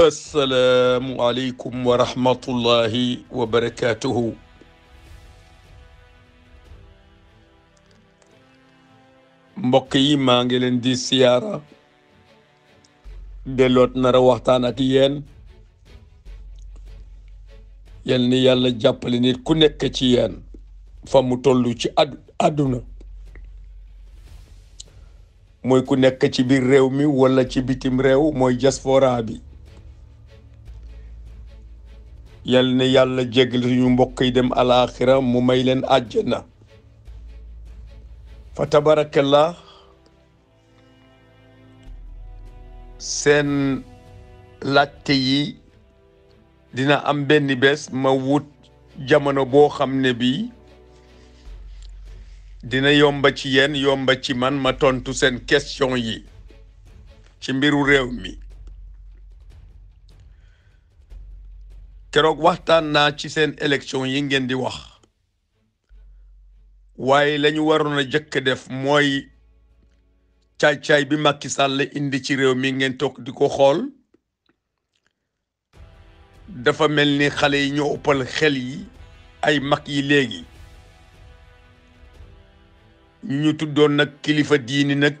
السلام عليكم ورحمة الله وبركاته mbokk yi maa ngi leen di siyaara delloot nara waxtaan ak yéen yal ni yàlla jàppale nit ku nekk ci yéen fa mu toll ci ad àdduna mooy ku nekk ci biir réew mi wala ci bitim réew mooy diaspora bi yal na yàlla jéggal suñu mbokk yi dem alaaxira mu may leen àjjana fa tabarakallah seen laajte yi dina am benn bés ma wut jamono boo xam ne bii dina yomba ci yéen yomba ci man ma tontu seen question yi ci mbiru réew mi keroog waxtaan naa ci seen élection yi ngeen di wax waaye lañu waroon a jëkk def mooy caay-caay bi Macky Sall la indi ci réew mi ngeen toog di ko xool dafa mel ni xale yi ñoo ëppal xel yi ay mag yi léegi ñu tuddoon nag kilifa diini nag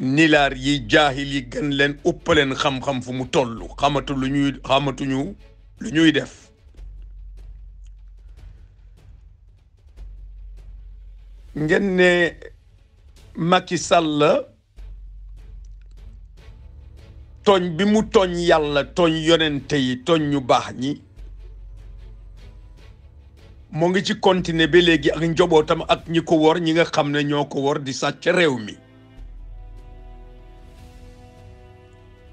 nilaar yi jaahil yi gën leen uppaleen xam-xam fu mu toll xamatu lu ñuy xamatuñu lu ñuy def ngeen ne Macky Sall tooñ bi mu tooñ yàlla tooñ yonente yi tooñ ñu baax ñi moo ngi ci continuer ba léegi ak njobootam ak ñi ko wor ñi nga xam ne ñoo ko wor di sàcc réew mi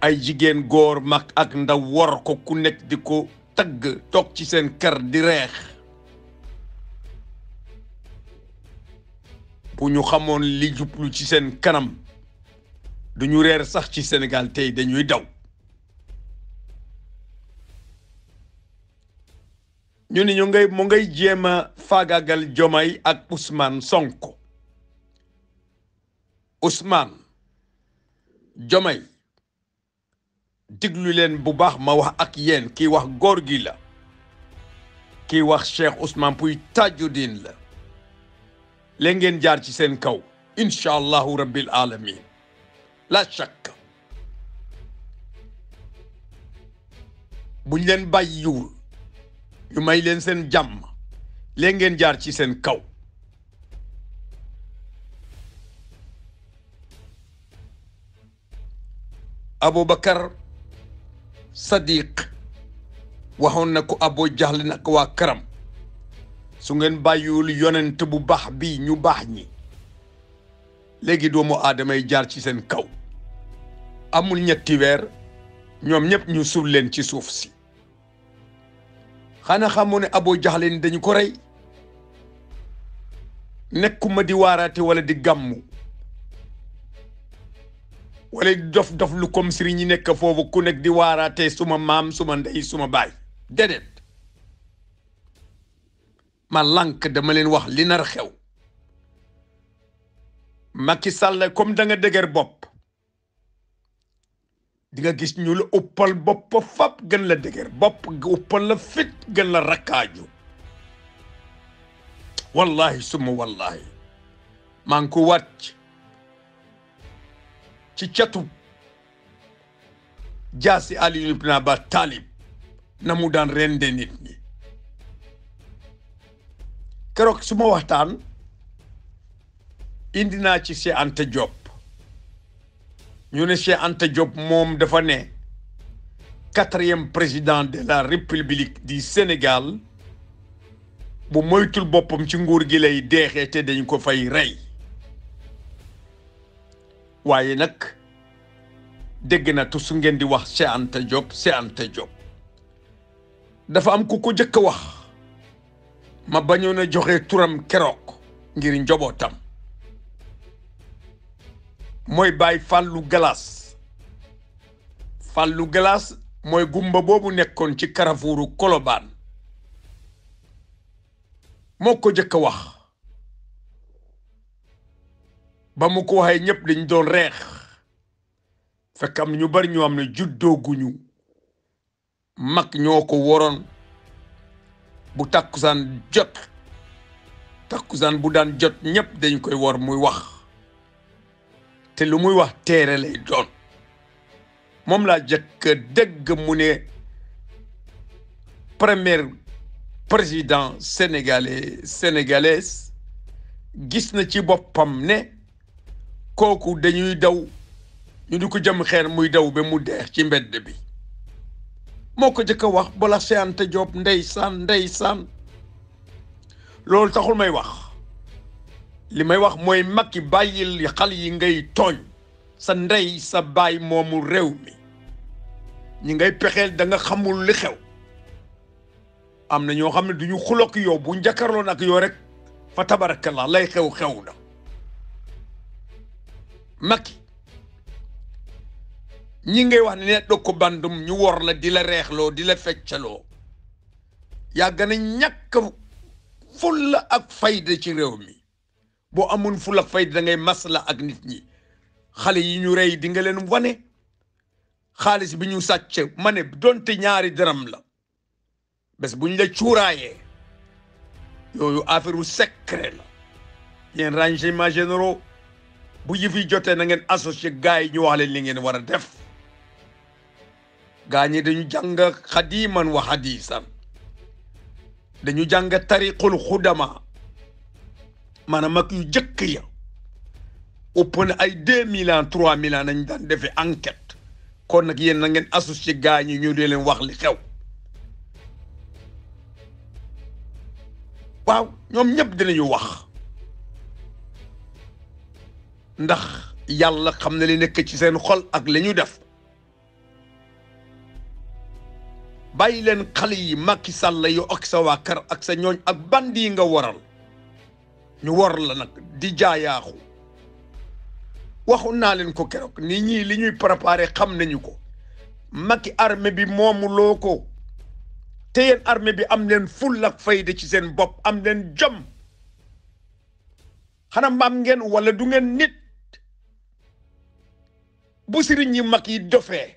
ay jigéen góor mag ak ndaw wor ko ku nekk di ko tagg toog ci seen kër di reex bu ñu xamoon li jublu ci seen kanam du ñu reer sax ci Sénégal tey dañuy daw ñu ne ñu ngay mu ngay jéem a faagaagal Diomaye ak Ousmane Sonko Ousmane jomay diglu len bu baax ma wax ak yéen ki wax gor gi la ki wax Cheikh Ousmane Pouye Tadjidine la le ngeen jaar ci sen kaw inshallah rabbil alamin la shakk buñ len bàyyiwul yu may len sen jam le ngeen jaar ci sen kaw Aboubacar sadiq waxoon na ko aboo jaxle na waa këram su ngeen bàyyiwul yonent bu baax bi ñu baax ñi léegi doomu aadama jaar ci seen kaw amul ñetti weer ñoom ñëpp ñu suul leen ci suuf si xanaa xamoo ne Abu Jahl dañu ko rey nekkuma di waaraate wala di gàmmu wala dof dof lu comme sëriñ ñi nekk foofu ku nekk di waaraatee suma maam suma ndey suma baay déedéet ma lànk dama leen wax li nar xew Macky ki comme da danga deger bopp di nga gis ñu la uppal bopp fap gën la dëgër bopp uppal la fit gën la rakkaaju wallahi suma wallahi maa ngi ko wàcc ci catu jaasi Aliyu ibn Abi Talib na mu daan rende nit ñi keroog suma waxtaan indi naa ci Cheikh Anta Diop ñu ne Cheikh Anta moom dafa ne quatrième président de la République du Sénégal bu moytul boppam ci nguur gi lay deexee te dañ ko fay rey waaye nag dégg tu su ngeen di wax Cheikh Anta Diop Cheikh Anta Diop dafa am ku ko jëkk a wax ma bañoon joxe turam keroog ngir njobootam mooy bàyyi fàllu galaas fàllu galaas mooy gumba boobu nekkoon ci karafuuru kolobaan moo ko jëkk a wax ba mu ko waxee ñëpp dañ doon reex fekk am ñu bari ñoo xam ne juddooguñu mag ñoo ko woroon bu takkusaan jot takkusaan bu daan jot ñëpp dañ koy wor muy wax te lu muy wax téere lay doon moom laa jëkk dégg mu ne premier président sénégalais gis na ci boppam ne kooku dañuy daw ñu di ko jëm xeer muy daw ba mu deex ci mbedd bi moo ko jëkk a wax bala ndey Diop ndey ndeysaan loolu taxul may wax li may wax mooy Macky bàyyil xal yi ngay tooñ sa ndey sa baay moomu réew mi ñi ngay pexeel danga xamul li xew am na ñoo xam ne duñu xulok yow bu njàkkaarloon nag yow rek fa tabarakallah lay xew xew na Macky ñi ngay wax ne doo ko bandum ñu wor la di la reexloo di la feccaloo yaa gën a ñàkk fulla ak fayda ci réew mi boo amul fulla ak fayda da ngay masla ak nit ñi xale yi ñu rey di nga leen wane xaalis bi ñu sàcc mane donte ñaari dërëm la bés buñ la cuuraayee yooyu affaire u secret la yéen renseignements généraux bu yëf jotee na ngeen associé gars yi ñu wax leen li ngeen war a def gaa ñi dañu jàng xadiman wa xadisan dañu jàng tariqul xudama maanaam mag yu jëkk ya ëpp na ay deux mille ans trois mille ans nañ daan defee enquête kon nag yéen na ngeen associé gars ñi ñu di leen wax li xew waaw ñoom ñëpp dinañu wax ndax yàlla xam na li nekk ci seen xol ak li def bàyyi leen xale yi makki Sall yow ak sa waa ak sa ñooñ ak bandi yi nga waral ñu war la nag di jaayaaxu waxu naa leen ko keroog ni ñi li ñuy préparé xam nañu ko makki armée bi moomu loo ko te yéen bi am leen full ak fayda ci seen bopp am leen jom xanaa mbaam ngeen wala du ngeen nit bu sëriñ ñi mag yi dofee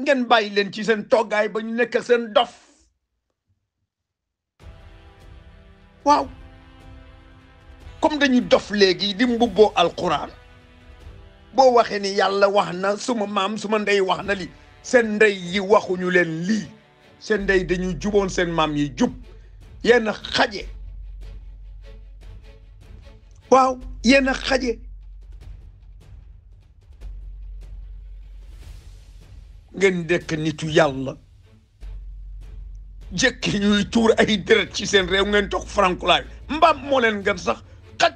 ngeen bàyyi leen ci seen toggaay ba ñu nekk seen dof waaw comme dañu dof léegi di mbubboo alquran boo waxee ni yàlla wax na suma maam suma ndey wax na li seen ndey yi waxuñu leen lii seen ndey dañu juboon seen maam yi jub yenn xaje waaw yenn xaje ngeen dekk nitu yàlla jekki ñuy tuur ay deret ci seen réew ngeen toog frankulaay mbaam moo leen ngeen sax xaj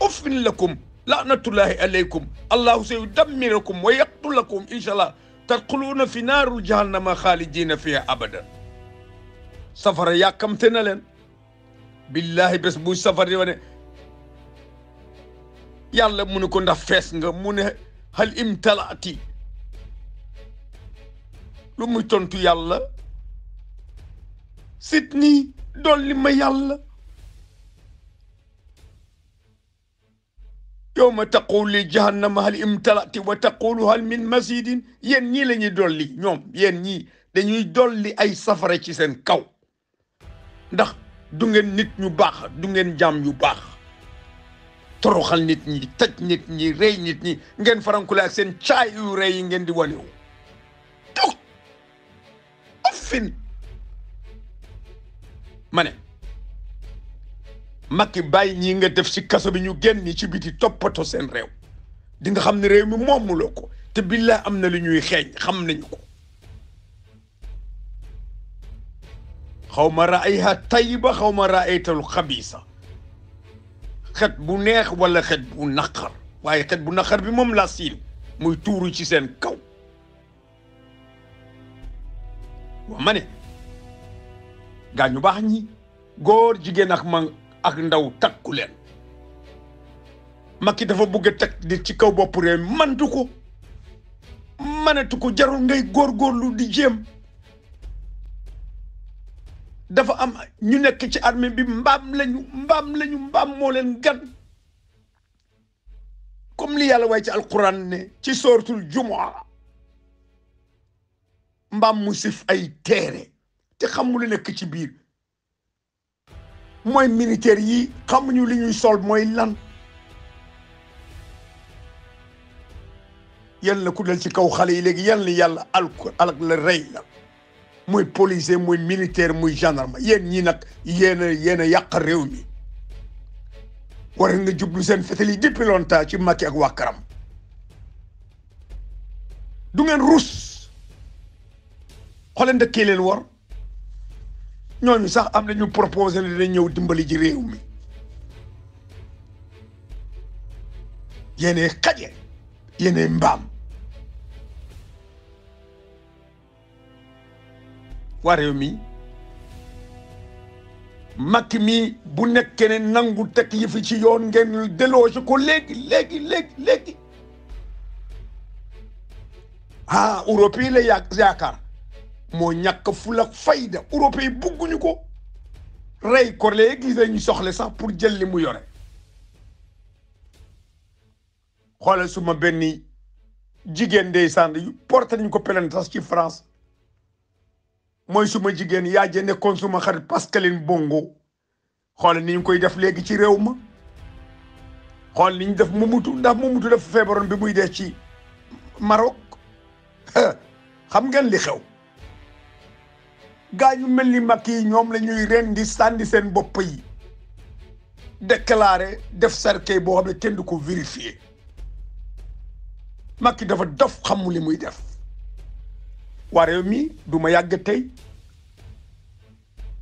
uffin lakum laanatullahi alaykum allahu sayudammirukum wa yaqtulakum insha allah tadxuluuna fi naaru jahannama xaalidiina fiha abadan safara yàkkamte na leen billahi bés bu safar di wane yàlla mu ne ko ndax fees nga mu ne hal imtalaati lu muy tontu yàlla Sydney dolli ma yàlla yawma taqulu li jahannama hal imtalati wa taqulu hal min masidin yéen ñii la ñuy dolli ñoom yéen ñii dañuy dolli ay safara ci seen kaw ndax du ngeen nit ñu baax du ngeen jaam yu baax toroxal nit ñi tëj nit ñi rey nit ñi ngeen farankule ak seen caay yu rey yi ngeen di wanewu الفيلم mané ne bay ñi nga def ci kasso bi ñu génn ci biti toppatoo sen rew di nga xamni rew réew mi moomuloo ko te billah amna li ñuy xéñ xam nañu ko xawma ma raayha tayiba xaw ma raaytalu xabiisa xet bu neex wala xet bu nakar waye xet bu nakar bi mom la sil muy touru ci sen kaw ma ne gaa ñu baax ñi góor jigéen ak man ak ndaw takku leen Macky dafa bëgg a teg di ci kaw bopp réew mantu ko manatu ko jarul ngay góorgóorlu di jéem dafa am ñu nekk ci armee bi mbaam lañu mbaam lañu mbaam moo leen gan comme li yàlla way ci alquran ne ci sooratul jumu'a mbaam mu sif ay teere te xamu lu nekk ci biir mooy militaire yi ñu li ñuy sol mooy lan yal na ku dal ci kaw xale yi léegi yal na yàlla alku alak la rey la muy policier muy militaire muy gendarme yéen ñi nag yéen a yéen a yàq réew mi war nga jublu seen fetal yi depuis longtemps ci Macky ak wàkkaram du rus xooleen dëkkee leen war ñooñu sax am na ñu proposé ne dina ñëw dimbali ji réew mi yéenee mbaam waa mi Macky mi bu nekkee ne nangu teg yëfi ci yoon ngeen délogé ko léegi léegi léegi léegi ah Europe yi la yaakaar moo ñàkk fula fayda européen bugguñu ko rey ko léegi gis ñu soxle sax pour jël li mu yore xoolal suma benn jigéen ndeysaan yu porté nañ ko plainte sax ci France mooy suma jigéen yaa jee nekkoon suma xarit Pascaline Bongo xoolal ni ñu koy def léegi ci réew ma xool ni ñu def Mamadou ndax Mamadou dafa feebaroon bi muy de ci Maroc xam ngeen li xew gaa ñu mel ni mag yi ñoom lañuy ñuy ren sànni seen bopp yi déclaré def cercueil boo xam ne kenn du ko vérifié Macky dafa dof xamu li muy def waa mi duma ma yàgg tey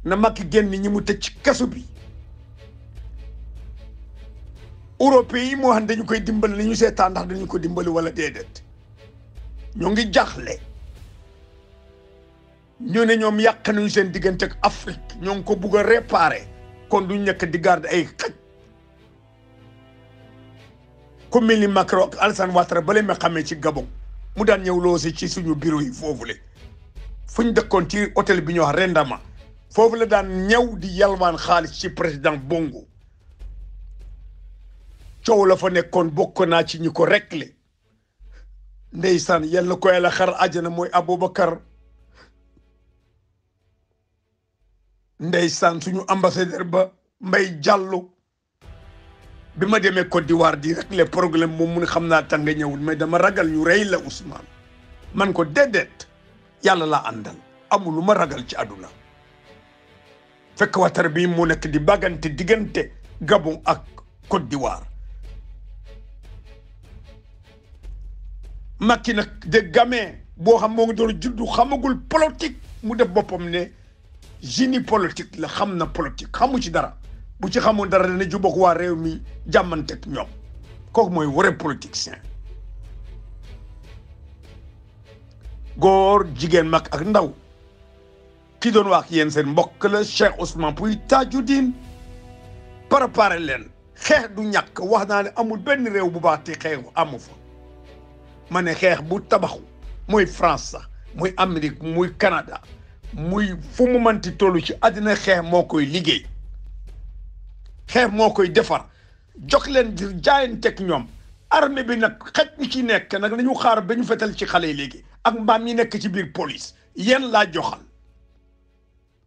na Macky génn ñi mu tëj ci kesu bi européens yi moo xam dañu koy dimbali nañu seetaan ndax dañu ko dimbali wala déedéet ñoo ngi jaaxle ñu ne ñoom yàq nañu seen diggante ak Afrique ñoo ngi ko bugg a réparer kon du ñëkk di garde ay xaj ku mel ni Macron ak ba leen ma xamee ci Gabon mu daan ñëw loosi ci suñu bureau yi foofu le fu ñu dëkkoon ci hôtel bi ñu wax Rendama foofu la daan ñëw di yalwaan xaalis ci président Bongo coow la fa nekkoon bokk naa ci ñu ko réglé ndeysaan yàlla ko yàlla xar àjjana mooy Aboubacar ndeysaan suñu ambassadeur ba Mbaye Diallo bi ma demee Côte d'Ivoire di régler problème moom mun xam naa tan ñëwul mais dama ragal ñu rey la Ousmane man ko déedéet yàlla laa àndal amul lu ma ragal ci àdduna fekk watar bi mu nekk di diggante Gabon ak Côte d'Ivoire Macky nag de gamin boo xam moo ngi doon juddu xamagul politique mu def boppam ne génie politique la xam na politique xamu ci dara bu ci xamul dara ju jubóog waa réew mi jàmmanteeg ñoom kooku mooy vrai politicien góor jigéen mag ak ndaw ki doon wax yéen seen mbokk la Cheikh Ousmane Pouye Tadjoudine préparé leen xeex du ñàkk wax naa ne amul benn réew bu baax te xeexu amu fa ma ne xeex bu tabaxu muy France sax muy Amérique muy Canada muy fu mu manti toll ci adina xex moo koy liggéey xex moo koy defar jox leen di jaayanteeg ñoom armée bi nag xaj ñi ci nekk nag nañu xaar ba ñu fetal ci xale yi léegi ak mbaam yi nekk ci biir police yéen laa joxal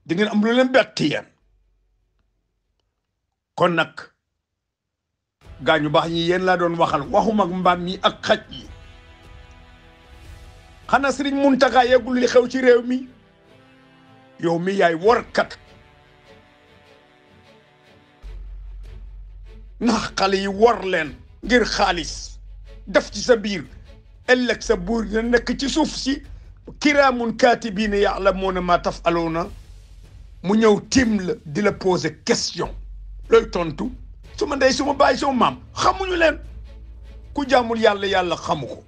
di ngeen am lu leen bett yéen kon nag gaa ñu baax ñi yéen laa doon waxal waxuma ak mbaam yi ak xaj yi xanaa sëriñ muntaka yeggul li xew ci réew mi يوميا يوركك نحقل يورلن غير خالص دفت سبير إلك سبور لأنك تشوف سي كرام كاتبين يعلمون ما تفعلون مو تيمل دي لا بوزي كيسيون لو تونتو سوما داي سوما باي سوما مام خمو نيو كو جامول يالا يالا خموكو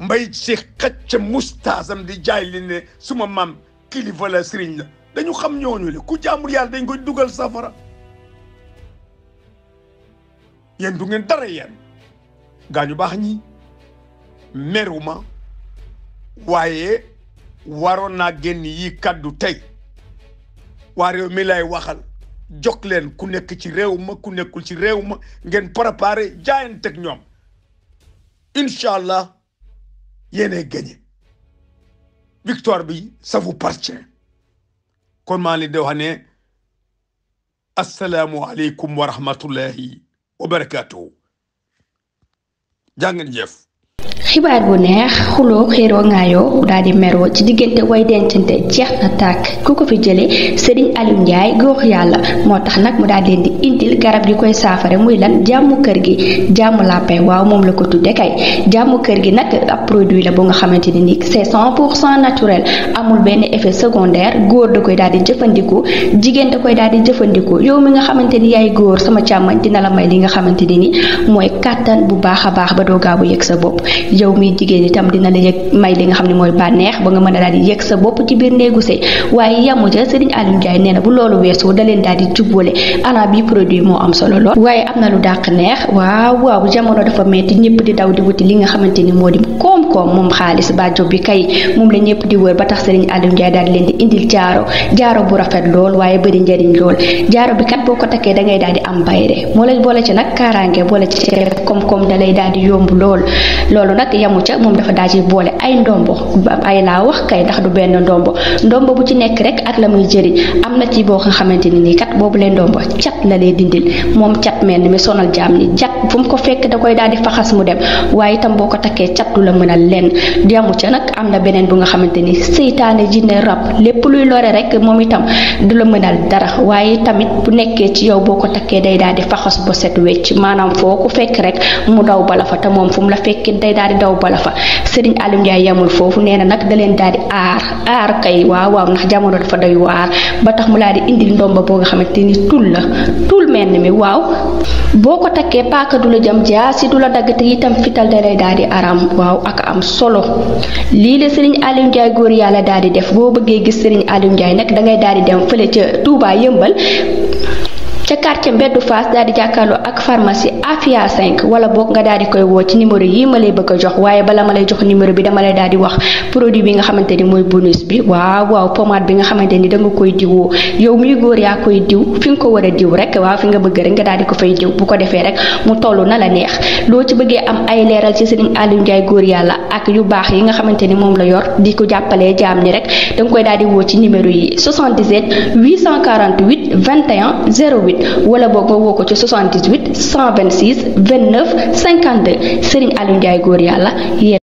mbay si xacca mustaasam di jaay li ne suma maam kilifa la sëriñ la dañu xam ñooñu le ku jaamul yàlla dañ koy dugal safara yéen du ngeen dara gaa gaañu baax ñi meruma waaye waroon naa génn yi kaddu tey waa mi lay waxal jox leen ku nekk ci réew ma ku nekkul ci réew ma ngeen préparé teg ñoom incha allah yéenay gagné victoire bi ça vous partient kon maa li di wax ne asalaamu aleykum wa rahmatullahi wa barakatuh jàngeen jëf xibaar bu neex xuloo xéeroo ngaayoo daal di meroo ci diggante way dencante jeex na tàkk ku ko fi jëlee Serigne Aliou Ndiaye góor yàlla moo tax nag mu daal leen di indil garab yi koy saafara muy lan jàmmu kër gi jàmmu lapin waaw moom la ko tudde kay jàmmu kër gi nag ab produit la bu nga xamante ni nii c'est cent pour cent naturel amul benn effet secondaire góor da koy daal di jëfandiku jigéen da koy daal di jëfandiku yow mi nga xamante ni yaay góor sama càmmañ dina la may li nga xamante ni nii mooy kàttan bu baax a baax ba doo gaaw a sa bopp yow miy jigéen tam dina la yëg may li nga xam ne mooy bànneex ba nga mën a daal di yëg sa bopp ci biir néegu sëy waaye yamu ja Serigne Aliou Ndiaye nee bu loolu weesu da leen daal di jubbale ana bi produit moo am solo lool waaye am na lu dàq neex waaw waaw jamono dafa metti ñëpp di daw di wuti li nga xamante ni moo di koom-koom moom xaalis bàjjo bi kay moom la ñëpp di wër ba tax Serigne Aliou Ndiaye daal di leen di indil jaaro jaaro bu rafet lool waaye bëri njëriñ lool jaaro bi kat boo ko takkee da ngay daal di am bayre moo lay boole ci nag kaaraange boole ci koom-koom da daal di yomb lool ak yamu ca moom dafa daal ci boole ay ndombo ay laa wax kay ndax du benn ndombo ndombo bu ci nekk rek at la muy jëriñ am na ci boo nga xamante ne nii kat boobu lay ndombo cat la lay dindil moom cat mel ni mi sonal jaam ni jat fu mu ko fekk da koy daal di faxas mu dem waaye itam boo ko takkee cat du la mënal lenn yamu ca nag am na beneen bu nga xamante ni seytaane jinne rab lépp luy lore rek moom itam du la mënal dara waaye tamit bu nekkee ci yow boo ko takkee day daal di faxas ba set wecc maanaam foo ko fekk rek mu daw bala fa te moom fu mu la fekk day daal daw bala fa sëriñ Aliou Ndiaye yamul foofu nee na nag da leen daal di aar aar kay waaw waaw ndax jamono dafa doy waar ba tax mu laa di indil ndomba boo nga xamante ni tul la tul mel ni mi waaw boo ko takkee paaka du la jam jaasi du la dagg te tam fital da lay daal di aram waaw ak am solo lii la sëriñ Aliou Ndiaye góor yàlla daal di def boo bëggee gis sëriñ Aliou Ndiaye nag dangay daal di dem fële ca Touba yëmbal ca quartier mbeddu Fass daal di jàkkaarloo ak pharmacie Afia 5 wala boog nga daal di koy woo ci numéro yii ma lay bëgg a jox waaye bala ma lay jox numéro bi dama lay daal di wax produit bi nga xamante ni mooy bonus bi waaw waaw pommade bi nga xamante ni da nga koy diwoo yow muy góor yaa koy diw fi nga ko war a diw rek waaw fi nga bëgg rek nga daal di ko fay diw bu ko defee rek mu na la neex loo ci bëggee am ay leeral ci Serigne Aliou góor yàlla ak yu baax yi nga xamante ni moom la yor di ko jàppalee jaam ni rek da nga koy daal di woo ci numéro yi 77 848 21 08 wala boog nga woo ko ci vingt 126 29 52 Serigne Aliou Ndiaye góor yàlla yee